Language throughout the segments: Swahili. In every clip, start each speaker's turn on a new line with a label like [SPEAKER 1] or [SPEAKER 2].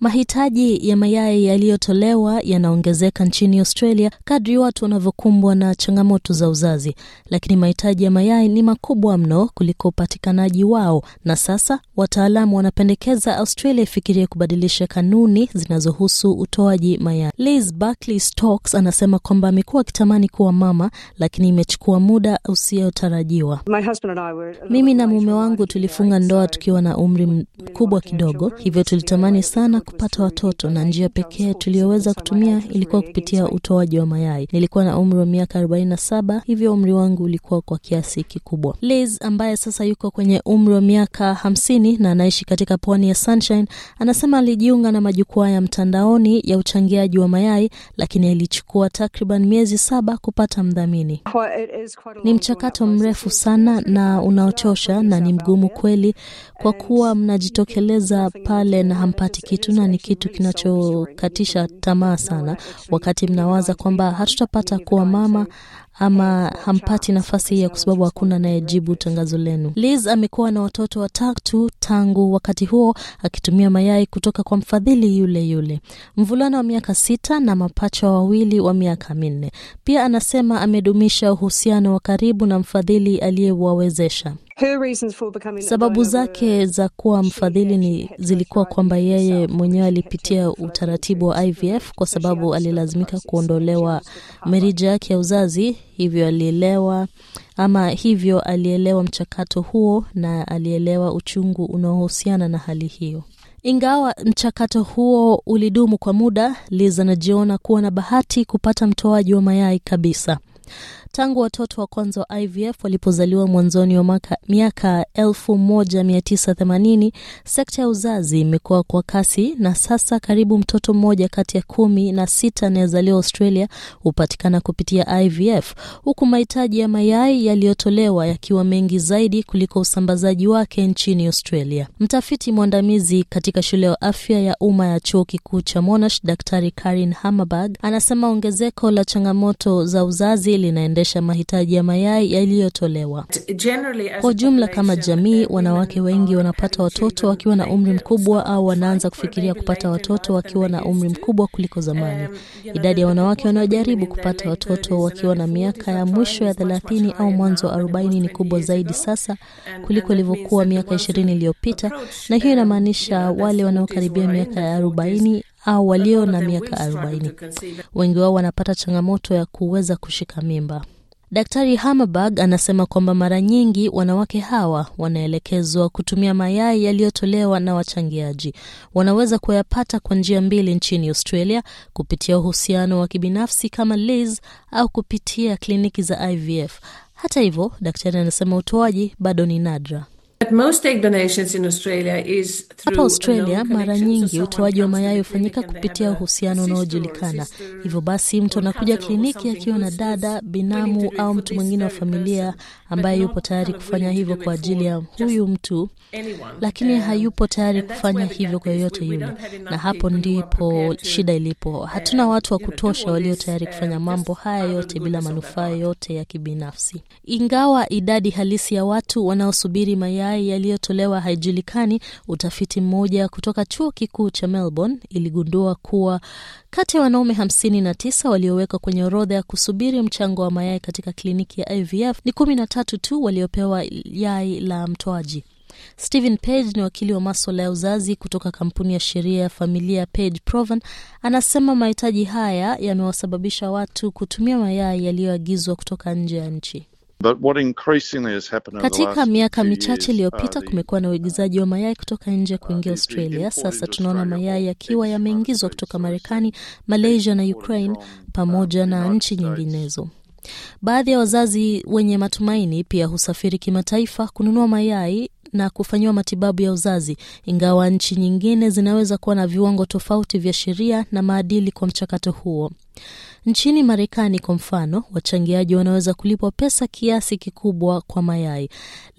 [SPEAKER 1] Mahitaji ya mayai yaliyotolewa yanaongezeka nchini Australia kadri watu wanavyokumbwa na changamoto za uzazi, lakini mahitaji ya mayai ni makubwa mno kuliko upatikanaji wao, na sasa wataalamu wanapendekeza Australia ifikirie kubadilisha kanuni zinazohusu utoaji mayai. Liz Barkley Stokes anasema kwamba amekuwa akitamani kuwa mama, lakini imechukua muda usiyotarajiwa. Mimi na mume wangu tulifunga ndoa tukiwa na umri mkubwa kidogo, hivyo tulitamani sana kupata watoto na njia pekee tuliyoweza kutumia ilikuwa kupitia utoaji wa mayai. Nilikuwa na umri wa miaka 47, hivyo umri wangu ulikuwa kwa kiasi kikubwa. Liz ambaye sasa yuko kwenye umri wa miaka hamsini na anaishi katika pwani ya Sunshine anasema alijiunga na majukwaa ya mtandaoni ya uchangiaji wa mayai, lakini alichukua takriban miezi saba kupata mdhamini. Ni mchakato mrefu sana na unaochosha na ni mgumu kweli, kwa kuwa mnajitokeleza pale na hampati kitu Naona ni kitu kinachokatisha tamaa sana, wakati mnawaza kwamba hatutapata kuwa mama ama hampati nafasi hiya kwa sababu hakuna anayejibu tangazo lenu. Liz amekuwa na watoto watatu tangu wakati huo akitumia mayai kutoka kwa mfadhili yule yule, mvulana wa miaka sita na mapacha wawili wa miaka minne. Pia anasema amedumisha uhusiano wa karibu na mfadhili aliyewawezesha. Sababu zake za kuwa mfadhili ni zilikuwa kwamba yeye mwenyewe alipitia utaratibu wa IVF kwa sababu alilazimika kuondolewa merija yake ya uzazi hivyo alielewa ama hivyo alielewa mchakato huo na alielewa uchungu unaohusiana na hali hiyo. Ingawa mchakato huo ulidumu kwa muda, Liz anajiona kuwa na bahati kupata mtoaji wa mayai kabisa. Tangu watoto wa kwanza wa IVF walipozaliwa mwanzoni wa miaka 1980 sekta ya uzazi imekuwa kwa kasi, na sasa karibu mtoto mmoja kati ya kumi na sita anayezaliwa Australia hupatikana kupitia IVF, huku mahitaji ya mayai yaliyotolewa yakiwa mengi zaidi kuliko usambazaji wake nchini Australia. Mtafiti mwandamizi katika shule ya afya ya umma ya chuo kikuu cha Monash, Daktari Karin Hammerberg anasema ongezeko la changamoto za uzazi linaendesha kuboresha mahitaji ya mayai yaliyotolewa. Kwa jumla, kama jamii, wanawake wengi wanapata watoto wakiwa na umri mkubwa au wanaanza kufikiria kupata watoto wakiwa na umri mkubwa kuliko zamani. Um, Idadi ya wanawake wanaojaribu kupata watoto wakiwa na miaka ya mwisho ya thelathini au mwanzo wa arobaini ni kubwa zaidi sasa kuliko ilivyokuwa miaka ishirini iliyopita, na hiyo um, inamaanisha wale wanaokaribia miaka ya arobaini au walio na miaka arobaini wengi wao wanapata changamoto ya kuweza kushika mimba. Daktari Hammerberg anasema kwamba mara nyingi wanawake hawa wanaelekezwa kutumia mayai yaliyotolewa na wachangiaji. Wanaweza kuyapata kwa njia mbili nchini Australia, kupitia uhusiano wa kibinafsi kama Liz au kupitia kliniki za IVF. Hata hivyo, daktari anasema utoaji bado ni nadra. Hapa Australia mara nyingi utoaji wa mayai hufanyika kupitia uhusiano unaojulikana. Hivyo basi, mtu anakuja kliniki akiwa na dada, binamu au mtu mwingine wa familia ambaye yupo tayari kufanya hivyo kwa ajili ya huyu mtu, lakini um, hayupo tayari kufanya hivyo kwa yoyote yule, na hapo ndipo shida ilipo. Um, Hatuna watu wa kutosha walio tayari kufanya um, mambo haya yote bila manufaa yote ya kibinafsi, ingawa idadi halisi ya watu wanaosubiri mayai madai yaliyotolewa haijulikani, utafiti mmoja kutoka chuo kikuu cha Melbourne iligundua kuwa kati ya wanaume 59 waliowekwa kwenye orodha ya kusubiri mchango wa mayai katika kliniki ya IVF ni tatu tu waliopewa yai la mtoaji. Stephen Page ni wakili wa maswala ya uzazi kutoka kampuni ya sheria ya familia Page Proven. Anasema mahitaji haya yamewasababisha watu kutumia mayai yaliyoagizwa kutoka nje ya nchi. Katika miaka michache iliyopita uh, kumekuwa na uigizaji wa mayai kutoka nje uh, kuingia Australia. Sasa tunaona mayai yakiwa uh, yameingizwa kutoka Marekani, Malaysia na Ukraine pamoja na nchi nyinginezo. Baadhi ya wazazi wenye matumaini pia husafiri kimataifa kununua mayai na kufanyiwa matibabu ya uzazi, ingawa nchi nyingine zinaweza kuwa na viwango tofauti vya sheria na maadili kwa mchakato huo. Nchini Marekani kwa mfano, wachangiaji wanaweza kulipwa pesa kiasi kikubwa kwa mayai,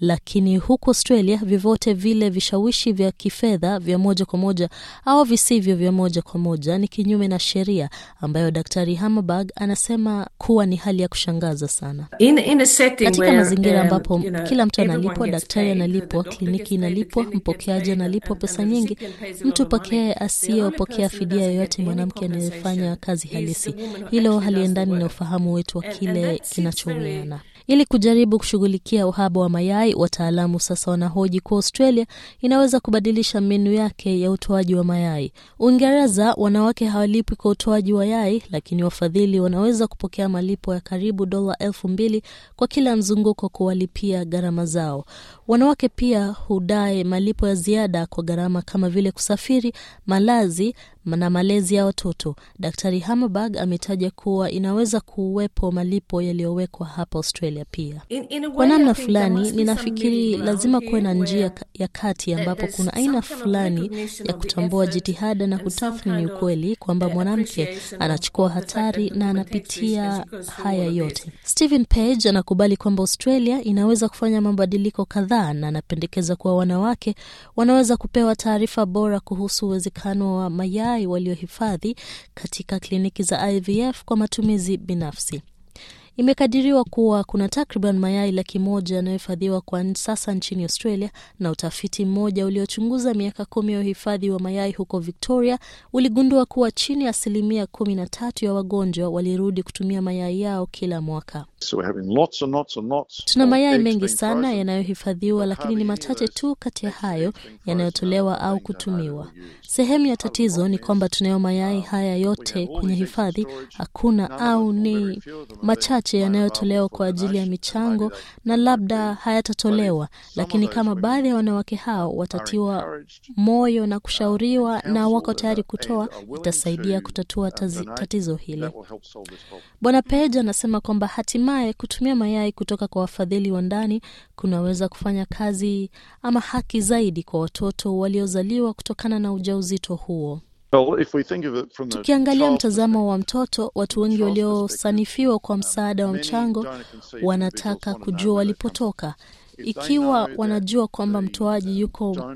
[SPEAKER 1] lakini huku Australia vyovyote vile vishawishi vya kifedha vya moja kwa moja au visivyo vya moja kwa moja ni kinyume na sheria, ambayo Daktari Hammarberg anasema kuwa ni hali ya kushangaza sana. In, in katika mazingira um, ambapo um, you know, kila mtu analipwa, daktari analipwa, kliniki inalipwa, mpokeaji analipwa pesa nyingi, mtu pekee asiyopokea fidia yoyote mwanamke anayefanya kazi halisi haki. Hilo haliendani na ufahamu wetu wa kile kinachowiana. Ili kujaribu kushughulikia uhaba wa mayai, wataalamu sasa wanahoji kuwa Australia inaweza kubadilisha menu yake ya utoaji wa mayai. Uingereza, wanawake hawalipwi kwa utoaji wa yai, lakini wafadhili wanaweza kupokea malipo ya karibu dola elfu mbili kwa kila mzunguko kuwalipia gharama zao. Wanawake pia hudai malipo ya ziada kwa gharama kama vile kusafiri, malazi na malezi ya watoto. Daktari Hammarberg ametaja kuwa inaweza kuwepo malipo yaliyowekwa hapa Australia pia. In, in kwa namna fulani ninafikiri lazima kuwe na njia ya kati ambapo kuna aina fulani ya kutambua jitihada na kutathmini ukweli kwamba mwanamke anachukua hatari na anapitia haya yote. Stephen Page anakubali kwamba Australia inaweza kufanya mabadiliko kadhaa kadhaa, na anapendekeza kuwa wanawake wanaweza kupewa taarifa bora kuhusu uwezekano wa mayai waliohifadhi katika kliniki za IVF kwa matumizi binafsi. Imekadiriwa kuwa kuna takriban mayai laki moja yanayohifadhiwa kwa sasa nchini Australia, na utafiti mmoja uliochunguza miaka kumi ya uhifadhi wa mayai huko Victoria uligundua kuwa chini ya asilimia kumi na tatu ya wagonjwa walirudi kutumia mayai yao kila mwaka. So lots and lots and lots tuna mayai mengi sana yanayohifadhiwa, lakini ni machache tu kati ya hayo yanayotolewa au kutumiwa. Sehemu ya tatizo ni kwamba tunayo mayai haya yote kwenye hifadhi, hakuna au ni machache machache yanayotolewa kwa ajili ya michango na labda hayatatolewa, lakini kama baadhi ya wanawake hao watatiwa uh, moyo na kushauriwa na wako tayari kutoa, itasaidia kutatua uh, tazi, tatizo hili. Bwana Page anasema kwamba hatimaye kutumia mayai kutoka kwa wafadhili wa ndani kunaweza kufanya kazi ama haki zaidi kwa watoto waliozaliwa kutokana na ujauzito huo. Tukiangalia mtazamo wa mtoto, watu wengi waliosanifiwa kwa msaada wa mchango wanataka kujua walipotoka. Ikiwa wanajua kwamba mtoaji uh, yuko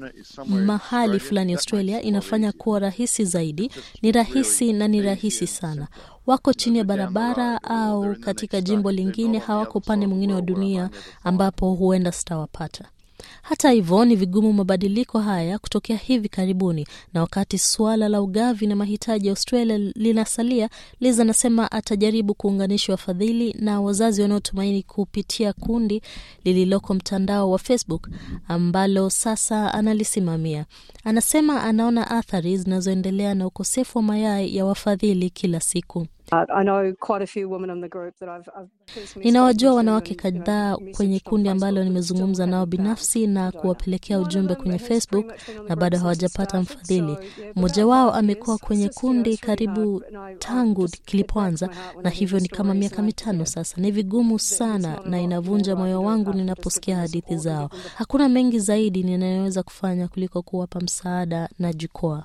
[SPEAKER 1] mahali fulani Australia, inafanya kuwa rahisi zaidi. Ni rahisi na ni rahisi sana. Wako chini ya barabara au katika jimbo lingine, hawako upande mwingine wa dunia ambapo huenda sitawapata. Hata hivyo, ni vigumu mabadiliko haya kutokea hivi karibuni, na wakati suala la ugavi na mahitaji ya Australia linasalia, Liz anasema atajaribu kuunganisha wafadhili na wazazi wanaotumaini kupitia kundi lililoko mtandao wa Facebook ambalo sasa analisimamia. Anasema anaona athari zinazoendelea na ukosefu wa mayai ya wafadhili kila siku. Ninawajua wanawake kadhaa kwenye kundi ambalo nimezungumza nao binafsi na kuwapelekea ujumbe kwenye Facebook na bado hawajapata mfadhili. Mmoja wao amekuwa kwenye kundi karibu tangu kilipoanza, na hivyo ni kama miaka mitano sasa. Ni vigumu sana na inavunja moyo wangu ninaposikia hadithi zao. Hakuna mengi zaidi ninayoweza kufanya kuliko kuwapa msaada na jukwaa